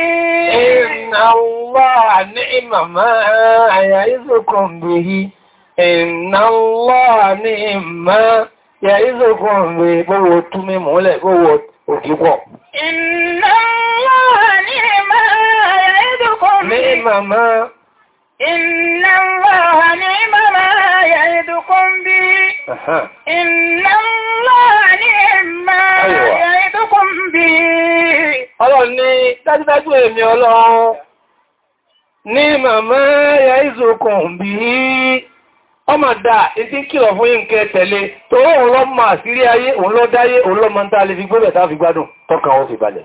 Inna Allah ni'ma ma ya'idukum bihi. Inna Allah ni'ma ya'idukum bi gbogbo túnmí múlẹ̀ gbogbo òkípọ̀. Inna Allah ni'ma ya'idukum bi. Ni'ma ma إن الله نعم ما يعدكم به إن الله ni ya ìzòkùn bí i ọmọ dà ìdí kìlọ̀ fún yínkẹ tẹ̀lé tó òun lọ máa sírí ayé òun lọ dáyé òun lọ mọ́ntá lè fi gbọ́bẹ̀ tá gbádùn tọ́ka wọ́n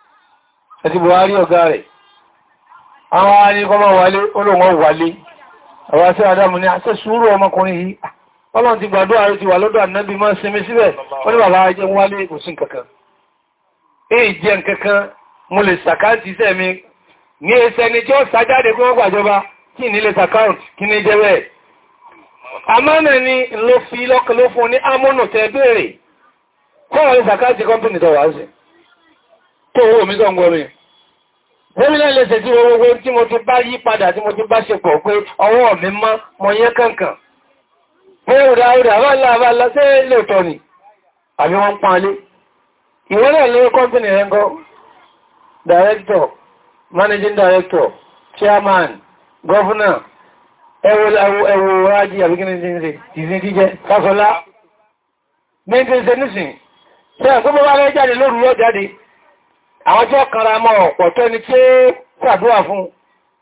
àti buhari ọ̀gá rẹ̀ àwọn anígbọ́mọ̀ wálé olóòwò wálé àwọn àti adamu ni àti sùúrù ọmọkùnrin yìí ọlọ́run ti gbàdúrà rẹ̀ ti wà lọ́dọ̀ ànábì mọ́ sinmi síbẹ̀ wọ́n ní bàbá ajẹ́ wálé kò sí ní ẹsẹ̀ ni tí ó sàjáde kí ní lè sàkáǹtì kí fi lọ́kàn ló fún ní amónù tẹ́ bèèrè kọ́ ọ̀rẹ́ sàkáǹtì kọ́mpìnì kó owó mi sọ́ngọ́ rẹ̀. Gómìnà ilẹ̀ṣẹ̀ tí owó owó tí mo ti bá yí padà tí mo ti bá ṣe pọ̀ pé ọwọ́ mi mọ́ mọ̀ yẹ́ kankan. wọ́n pánlé. Ìwọ́n náà lórí Director, Managing Director, Chairman, Governor, ẹwọ ẹwọ rájí àbíkínì jíjẹ, Fáṣọlá. Mẹ́gbẹ̀ẹ́sẹ̀ nísìn, ṣe àkóbọ́ bá rẹ̀ jáde lórí yóò jáde, àwọn jẹ́ kanra mọ́ ọ̀pọ̀ tẹ́ni tí ṣàdúrà fún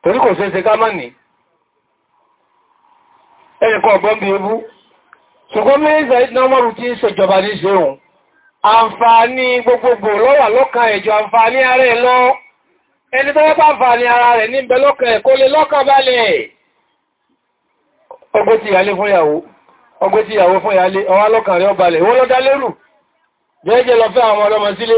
torí kò ṣeéṣe ká mọ́ni ẹnìkan ọ̀gbọ́n bí ebú ṣùgbọ́n mẹ́rìnzà ìdínàmọ́rù tí ń ṣèjọba ní ṣeun àǹfààní gbogbogbò lọ́wà lọ́kàn ẹ̀jọ àǹfààní ara ẹ̀ lọ ẹni tó wọ́pá àǹfààní ara rẹ̀ níbẹ̀ lọ́kàn ẹ̀ kó lè lọ́kàn balẹ̀ ọgbó ti ìyàlé fún ìyàwó ọgbó ti ìyàwó fún ìyàlé ọwá lọ́kàn rẹ̀ ọbalẹ̀ wọ́n lọ́dá lọ fẹ́ àwọn ọlọ́mọ sílé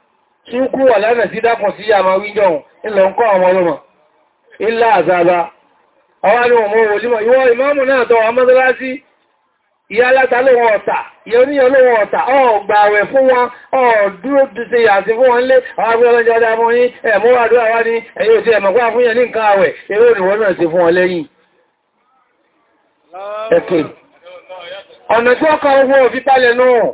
tí ń kú wà lẹ́nà sí dákùn sí àmà wíjọun ilẹ̀ ń kọ́ àwọn ọlọ́mà ilá àzàbà ọwá ní ọmọ olímọ̀ ìwọ ìmáàmù náà tọ́ àmọ́sálásí ìyá aláta lóhun ọ̀tà ìyá oníyàn lóhun ọ̀tà ọ̀gbà àwẹ̀ fún wọn ọ̀dúró ṣe àti fún wọn lé àwọn agbẹ́ ọlọ́jọ́ ọdá mọ́ yí ẹ̀mú àdúrà wá ní ẹ̀yẹ́ òtí ẹ̀mọ̀gbà fún yẹn ní nǹkan àwẹ̀ eré òníwọ́n náà ṣe fún wọn lẹ́yìn ọ̀nà tí ọkọ̀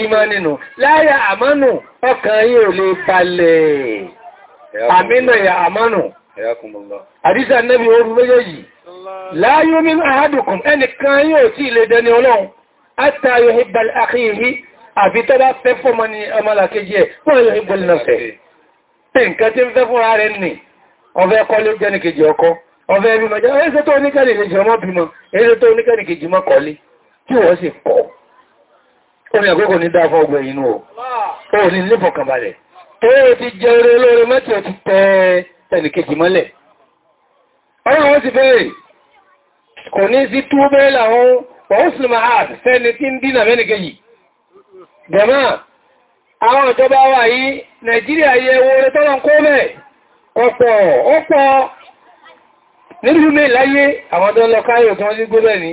ìmánì nù láyà àmánù ọkàn yìí ò lè balẹ̀ àmínà yà àmánù àdísà nẹ́bí orú méjèèjì láyé omi àádùkùn ẹnìkan yìí ò tí ilé dẹni ọlọ́run átàyò ìbal àkíyìí àfi tó bá fẹ́ fọ́mọ ni ọmọlàkejì ẹ̀ fún ẹ̀yọ ìbọlì náà fẹ́ nǹkan tí ń fẹ́ fún ààrẹ nì ọ̀fẹ́ kọ́lé jẹ́nìkejì ọkọ ọ̀fẹ́ bímọ jẹ́ ẹ̀ẹ́sẹ́ omi àkókò ní dáa fún ọgbẹ̀ inú o ò ní nífọ̀kànbalẹ̀ tó ti jẹ́ eré olóore mẹ́tẹ̀ ti tẹ ẹnìkejì mọ́lẹ̀ ọ̀rọ̀ wọ́n ti bẹ̀rẹ̀ kò ní sí tú bẹ́ẹ̀ làwọn ọ̀húnṣùlùmọ̀ àt sẹ́ni tí ń dínà mẹ́nìkejì gẹ̀mà àwọn ìjọba wà yí Nàìjíríà yẹ owó rẹ̀ ni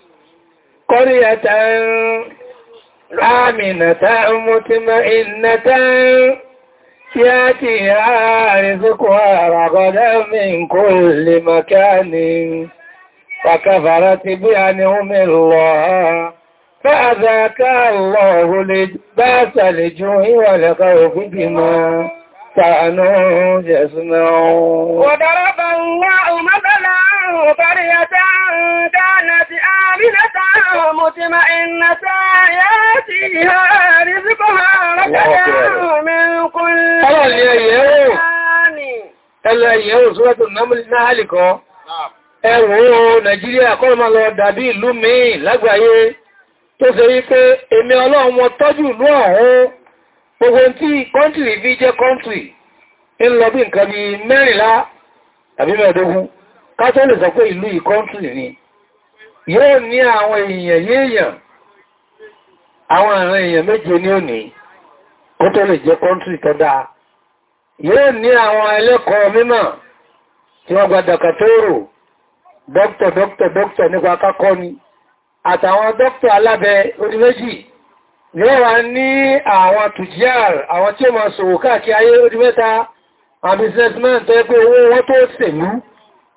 قرية آمنة مطمئنة ياتيها رزقها رغدا من كل مكان فكفرت بأنهم الله فأذاك الله لباس الجوع والخوف بما كانوا يسمعون وضرب الله قرية كانت آمنة مطمئنة Nàìjíríà kọ́ ma lọ dàbí ìlú míì lágbàáyé tó ṣe wípé èmi ọlọ́run tọ́jú ìlú ọ̀hún gbogbo tí kọ́ntìrì fi jẹ́ kọ́ntìrì ń lọ bí nǹkan bí mẹ́rìnlá tàbí mẹ́ẹ̀dógún. kátó lè sọ pé ìlú ìkọ́ntìlì ni yóò ní àwọn èèyàn yéèyàn àwọn àwọn èèyàn méje ní òní kó tó lè jẹ́ kọ́ntìlì tó dáa yóò ní àwọn ẹlẹ́kọ̀ọ́ mímọ̀ tí wọ́n gba dàkàtóró dókítà dókítà dókítà nípa akákọ́ ni àtàwọn dókítà alábẹ́ orí méjì yóò wá ní àwọn tùjíàr àwọn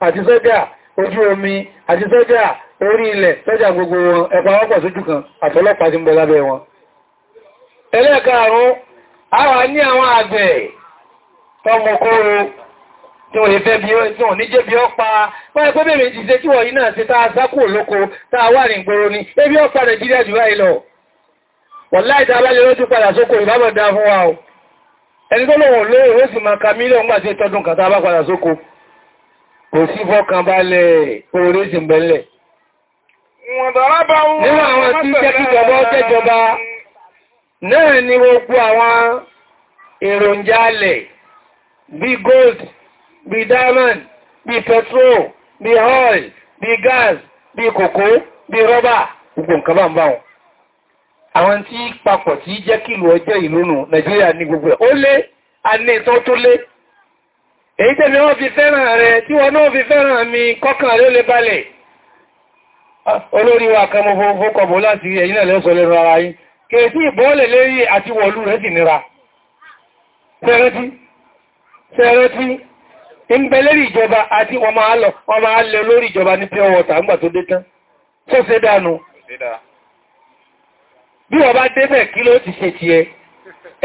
àti sọ́jà ojú omi àti sọ́jà orí ilẹ̀ sọ́jà gbogbo wọn ẹ̀pà wọ́pọ̀ sójú kan àtọlọ́pàá ti ń bọ̀ lábẹ́ wọn ẹlẹ́ẹ̀karùn-ún àwa ní àwọn àgbẹ̀ tọmọkóró tí wọ́n ìfẹ́ bí wọ́n ní jẹ́ bí ọ pa wọ́n ẹgbẹ́ bèèrè ìjìṣẹ́ tí wọ́n yìí náà ṣe táa sákò olóko táa wà ní ìgboro ní ebí ọ pa Nàìjíríà jù báyìí lọ wọ́n láìta abálẹ̀ lójú padà sóko ìbábọ̀dá fún wa o ẹni tó lòun lóòrò sì máa ka mílíọ̀n gbà sí tọdún kàtà bá padà sóko kò sí fọ́kàn balẹ̀ orí sí bẹ̀lẹ̀. Nínú àwọn tí jẹ́ kí jọba jẹ́jọba náà ni gbogbo àwọn èròjà bí gold, bí diamond, bí petrol, bí oil, bí gas, bí kòkó, bí rọ́bà, gbogbo nǹkan bá ń bá wọn. Àwọn tí papọ̀ tí jẹ́ kí ìlú ọjọ́ ìlú Nàìjíríà ní gbogbo ẹ̀. Ó lé, a ní ìtọ́ tó lé, èyí tẹ́mi wọ́n fi fẹ́ràn rẹ̀ tí wọ́n náà fi fẹ́ràn mi kọ́kàn rẹ̀ lè balẹ̀ ah, olórí wa kan mo fókọ̀bọ̀ láti ẹ̀yìn náà lẹ́sọ lẹ́nu ara yìí kèèsí ìbọ́ọ̀lẹ̀ lérí àti wọ̀lú rẹ̀ sì nira sẹ́rẹ́tí sẹ́rẹ́tí ń bẹ lérí ìjọba àti water ńgbà tó dé tán tó ṣe dànù bí wọ́n bá débẹ̀ kí ló ti ṣe tiẹ̀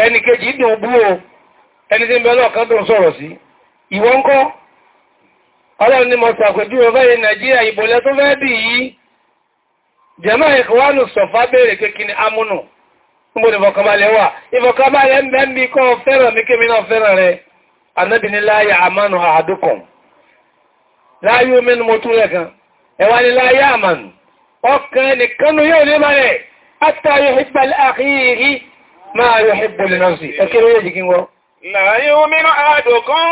ẹnìkejì dùn ìwọ ń kọ́ ọlọ́run ni mo sàpẹ̀bí ọba yẹ nàìjíríà ìbòlẹ̀ tó fẹ́ bì yí jẹ́mọ́ ìkọwánù sọ̀fá bèèrè pé kí ni amúnù níbo ni ìfọ̀kànbalẹ̀ wà ìfọ̀kànbalẹ̀ ń bẹ ń bí kọ́ fẹ́ràn mi kí mi náà fẹ́ràn rẹ anábìní ni mo tún rẹ̀ kan ẹwà ni láyà àmánù ọkàn ẹnìkanu yóò ní balẹ̀ náà sí ẹkẹrẹ yóò jì kí láyé omi náà àádókàn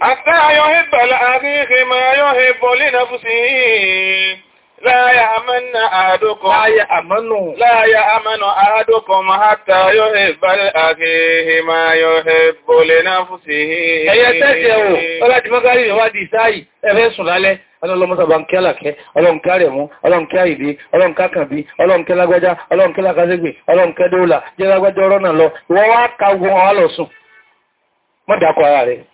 حتى يحب لأخيه ما يحب لنفسه لا na أحدكم لا يأمن لا يأمن أحدكم حتى يحب لأخيه ما يحب لنفسه ẹ̀yẹ tẹ́jẹ̀ o ọlá ti mọ́gárí ìwádìí sáàyì ẹ̀fẹ́ sùn lálẹ́ ọlọ́lọ́mọ́sàbà ń kẹ́ àlàkẹ́ ọlọ́nkẹ́ àrẹ̀mú ọlọ́nkẹ́ àìdí ọlọ́nkẹ́ àkànbí ọlọ́nkẹ́ lágbájá ọlọ́nkẹ́ lákàzẹ́gbè ọlọ́nkẹ́ jẹ́ lágbájá náà lọ wá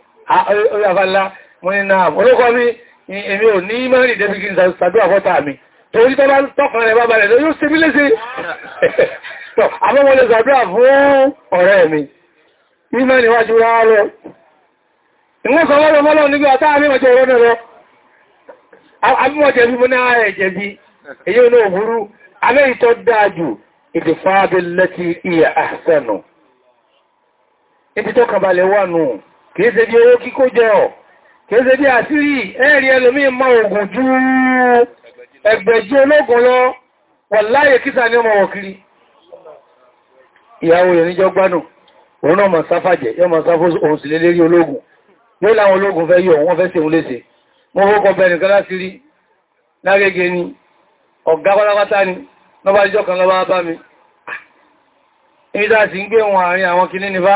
orí afálá mo ní náà orúkọ mi èmi ò ní mẹ́rin débi kí n sàdúrà fọ́ta mi torí tọ́lá tọ́kàn rẹ̀ bábá rẹ̀ ló yóò ṣe mí léṣe àwọn ọmọ lè sàdúrà fún ọ̀rẹ́ mi mímẹ́ níwájú rárọ̀ ìwọ́n sọ lọ́rọ̀ mọ́lọ́ nígbà táà ní ọjọ́ ìrọ́nà rọ àbúmọ̀jẹ̀bí mọ́ náà ẹ̀jẹ̀bí èyí olóò burú alẹ́ ìtọ́ dájú ìdìfàábẹ̀lẹ́tì ìyà àṣẹ́nù ibi tó kàbalẹ̀ wà nù kìí ṣe bí owó kíkó jẹ ọ̀ kìí ṣe bí àṣírí ẹ̀rí ẹlòmí ma ògùn ju ẹgbẹ̀jú ológun lọ wọ̀n láyé kíta ní ọmọ wọ̀kiri ìyàwó rẹ̀ níjọ gbánù òun náà ma sáfàjẹ̀ yọ ma sáfó òun sì lélé rí ológun yóò láwọn ológun fẹ́ yọ wọ́n fẹ́ sí òun léṣe mo fó kọ bẹ̀rẹ̀ kọ́lá sí rí lágége ni ọ̀gá pátápátá ni lọ́bá kan lọ́bá bá mi ìdá sí ń gbé wọn àárín àwọn kìnnìnìfà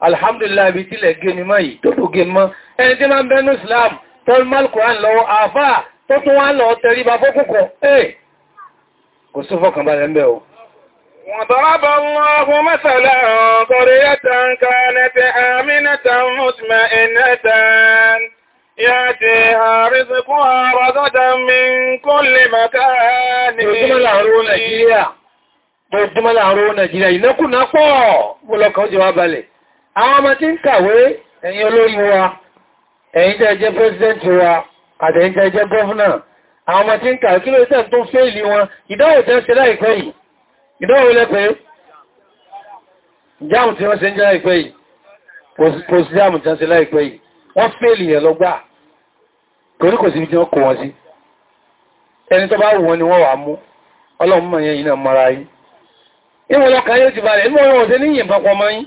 alhamdulillah ibi tílẹ̀ gẹni mọ́ yìí tó tó gẹni mọ́ ẹni tí máa ń bẹ́nu islam tó ń mal Qur'an lọ àfá tó tún wá lọ tẹríba fókùnkọ̀ ẹ̀ eh! kò sí fọ́kànbalẹ̀ ń bẹ̀ o من كل مكان Gbogbo mọ́lá àrùn Nàìjíríà ìnákùnà pọ̀, mo lọ kàn jẹ wá balẹ̀. àwọn ọmọ tí ń kàwé ẹ̀yin olórí wa ẹ̀yin tẹ́ jẹ́ president wa àtẹ̀yin tẹ́ jẹ́ governor àwọn ọmọ tí ń kàwé kí ló tẹ́ tó fẹ́ìlì wọn ìdánwò tẹ́ ṣe láìpẹ́ yìí ìdánwò lẹ́pẹ́ jáàmù tí wọ́n ṣe ń jẹ́ láìpẹ́ yìí kò jáàmù tí wọ́n ṣe láìpẹ́ yìí wọ́n fẹ́ìlì yẹn lọ́gbà torí kò sí ibi tí wọ́n kò wọ́n sí ni wọ́n wà mú ọlọ́run mọ̀ yẹn yìí náà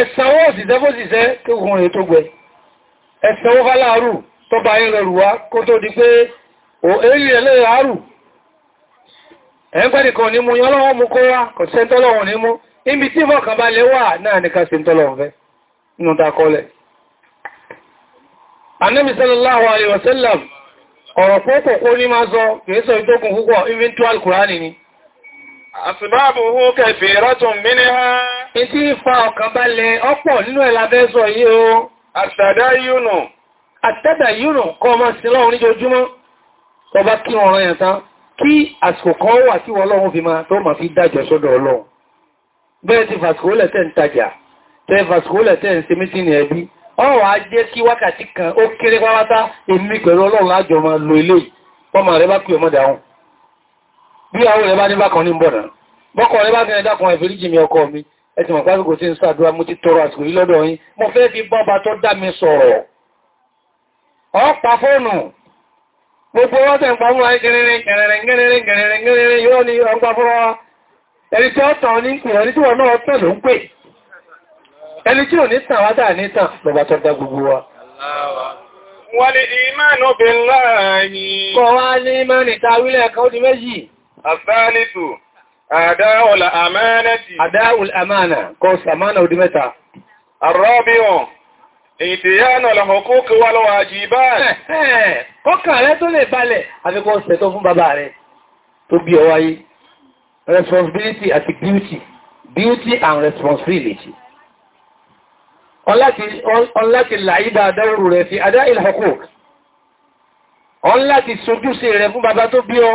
ẹ̀sànwó òsìsẹ́ bó sìsẹ́ tó gùn rẹ̀ tó gbẹ ẹ̀sànwó fàláàrù tó bá yẹ́ rẹrù wá kó tó di pé ò èrí rẹ̀ lẹ́rẹ̀ àárù ẹ̀ẹ́gbẹ́ni kan ní mú yán lọ́wọ́ mú kó wá kò sẹ́ntọ́lọ́wọ́ ní mú níbi tí mọ́kàn bá lè wà ọ̀rọ̀ pọ́pọ̀ kó ní máa sọ kìí sọ ìtókùn púpọ̀ inventual Kùránì ni Àsìbáàbùhú kẹfì rọ́tùn mínìhá. Ìtí ìfà ọ̀kan balẹ̀ ọ̀pọ̀ nínú ẹ̀ lábẹ́ sọ yìí o. Àtàdá yúnù. Àtàdá yúnù kọ ọmọ sí lọ́run níjojúmọ́. Ọba kí wọn rán yàtán kí àsìkò kan wà tí wọ́n lọ́run fi máa tó máa fi dájọ́ sọ́dọ̀ ọlọ́run. Bẹ́ẹ̀ ti fàṣkólẹ̀ tẹ́ ń tajà, tẹ́ fàṣkólẹ̀ tẹ́ ń bí àwọn ẹ̀bá ní bákan ní bọ̀nà bọ́kọ̀ ẹ̀bá ní ẹ̀dàkùn ẹ̀fẹ́ríjì mi ọkọ mi ẹ̀tì pàtàkì tí ń sàdúrà mú ti tọrọ àsìkò yìí lọ́dọ̀ yín mo fẹ́ fi bọ́ba tó dá mi sọ̀rọ̀ ọ̀pá fóònù gbogbo wọ́n wọ́n lè ìmánu bí láàárín kọ̀ ní ìmánu ìtawílẹ̀ kan ó di méjì Àfẹ́lìtù, àdáhùlà àmánàtì. Àdáhùlà àmánà kọ sàmánà òdí mẹ́ta. Àrọ́bíwọ̀n, ìtìyànà lọ́kókò wà lọ́wọ́ àjìbá. Kọ́kàn rẹ tó lè balẹ̀, àfikọ́ ṣẹ̀tọ́ fún bàbá rẹ tó bí ọwá Responsibility àti beauty Duty and responsibility. Ọláti làí dáadáa rẹ̀ fi àdá ìlàkókò. Ọláti sojúṣe rẹ̀ fún bàbá tó bí ọ.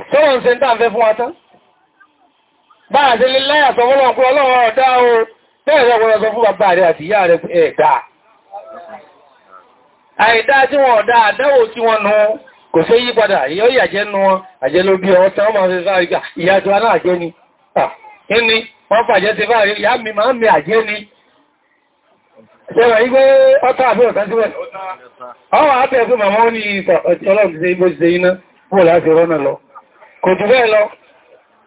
sọ́rọ̀ ṣe ń tàn fún wa tán báyà sí láyà sọ fún ọkùnrin ọ̀dá o sọ fún bàbá rẹ̀ àti ìyá rẹ̀ ẹ̀dá àìdá tí wọ́n ọ̀dá àdáwò tí wọ́n nù kò ṣe yí padà yóò yàjẹ́ kò jù bẹ́ẹ̀ lọ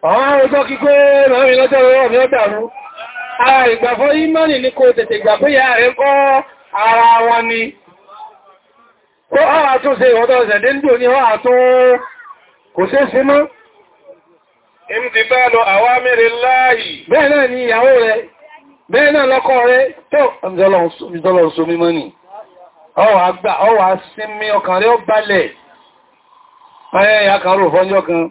ọ̀hán ọjọ́ kíkó mẹ́rin lọ́jọ́ rẹ̀ mi ó ara ìgbàfọ́ ìmọ́nì ní kò tètè gbà ìyá rẹ̀ kọ́ ara wọn ni ó ara tó ṣe ìwọ́dọ̀ ń dò ní ọ́ kò ṣe ṣe mọ́ ọwà sinmi ọkàn balẹ̀ fọ́njọ́ kan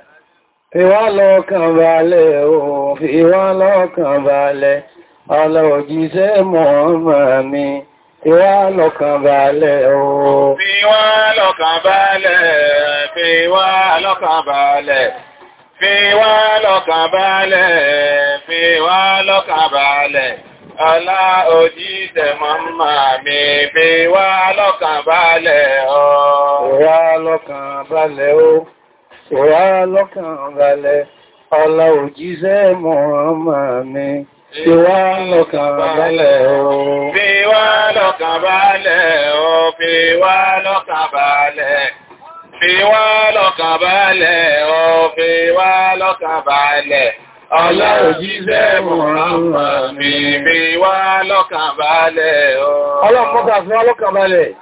Fíwá lọ́kàn balẹ̀ ooo, fíwá lọ́kàn balẹ̀, ọlọ́òjíṣẹ́ mọ̀ọ́mọ̀ mi, fíwá lọ́kàn balẹ̀ ooo. Fíwá lọ́kàn balẹ̀, fíwá lọ́kàn balẹ̀, fíwá lọ́kàn balẹ̀, fíwá lọ́kàn balẹ̀, ọlọ́òjíṣẹ́ mọ̀ọ́mọ̀ mi, fíwá lọ́kàn balẹ̀ ooo. Fíwá lọ́kàn balẹ̀ ooo wà lọ́kàn balẹ̀ ọlá òjíṣẹ́ mọ̀ọ́mà mi fi wá lọ́kàn balẹ̀ o fi wá lọ́kàn balẹ̀ o fi wá lọ́kàn balẹ̀ fi wá lọ́kàn balẹ̀ o fi wá lọ́kàn balẹ̀ ọlá òjíṣẹ́ mọ̀ọ́mà mi fi wá lọ́kàn balẹ̀ o ọlọ́pọ̀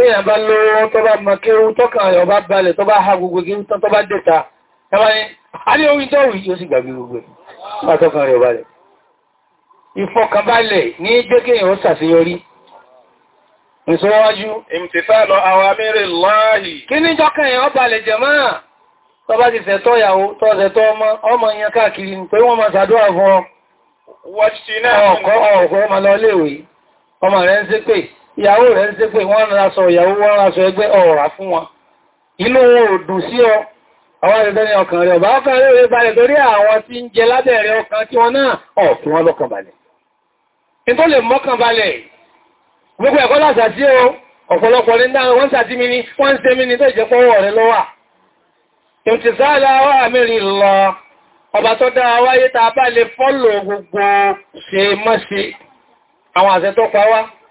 Téèyàn bá lówó tó bá mọ kéwú tọ́kàn ọ̀yọ̀ bá balẹ̀ tó bá ha gbogbo kí tó bá dẹ̀ta. Ẹwà ni, a ní orí tọ́rù yóò sì gbàgbé gbogbo ẹ̀ tọ́kàn ọ̀yọ̀ balẹ̀. Ìfọkànbalẹ̀ ní jẹ́ kéèyàn ó ṣàṣeyọrí. Ìṣọ́wájú. Ìmùtìfàlọ àwàmírì láàyì. Kí ní jọ́kàn èèyàn balẹ̀ jẹ̀ máa? Tọ́ bá ti fẹ̀tọ́ ìyàwó, tọ́ fẹ̀tọ́ ọ ìyàwó rẹ̀ ń ṣépè wọ́n rán aṣọ ìyàwó wọ́n rán aṣọ ẹgbẹ́ ọ̀rà fún wọn inú wọn ò dùn sí ọ àwọn ẹ̀rẹ́dẹ́ ni ọkàn rẹ̀ ọ̀bá ọkàn rẹ̀ rẹ̀ balẹ̀ torí àwọn tí ń jẹ lábẹ̀rẹ̀ ọkàn tí wọn náà ọ̀fí wọn lọ́kàn balẹ̀ ní tó lè mọ́kàn balẹ̀ gbogbo ẹ̀kọ́ láṣà sí o ọ̀pọ̀lọpọ̀ ní dáhùn wọ́n sàtí mi ní wọ́n ń ṣe mi ní tó ìjẹ́pọ̀ ọwọ́ rẹ̀ lọ́wà ìmtìsáàlá wà mẹ́rin lọ ọba tó dáa àwọn àṣẹ tó pa wá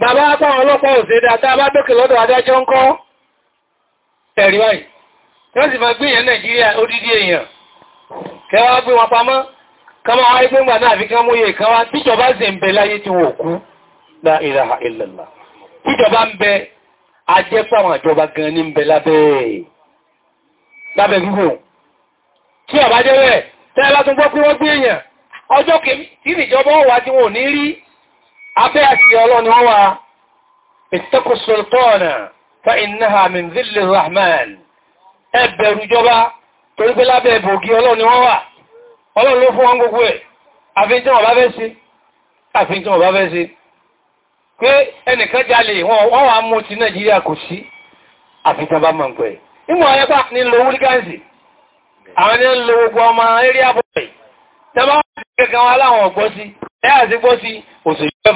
bàbá àpáwọn ọlọ́pàá òṣèdá tá a bá dókè lọ́dọ̀ adájọ́ ń kọ́ ẹ̀rí báyìí wọ́n sì máa gbìyàn nàìjíríà odidi èèyàn kẹwàá gbé wọn pamọ́ kọmọ àwọn ẹgbẹ́ ńgbà náà fi kán múyè kan wá tíjọba sì ń bẹ láyé tí wọ́n kú la ilaha illallah tíjọba ń bẹ ajẹ́pàwọn àjọba gan ní ń bẹ lábẹ́ lábẹ́ gígùn tí ọba jẹ́ rẹ̀ tẹ́lá tún gbọ́ pé wọ́n gbé èèyàn ọjọ́ kìí níjọba wà tí wọ́n ò ní rí abẹ́ àti ọlọ́ni wọ́n wá ittaqu sultana fa innaha min zilli rahman ẹ bẹ̀rù ìjọba torí pé lábẹ́ ìbògí ọlọ́ni wọ́n wà ọlọ́run ló fún wọn gbogbo ẹ̀ àfihàn ọba fẹ́ sí àfihàn ọba fẹ́ sí pé ẹnìkan jalè wọ́n wà mú ti nàìjíríà kò sí àfihàn bá mọ̀ pẹ̀ ìmọ̀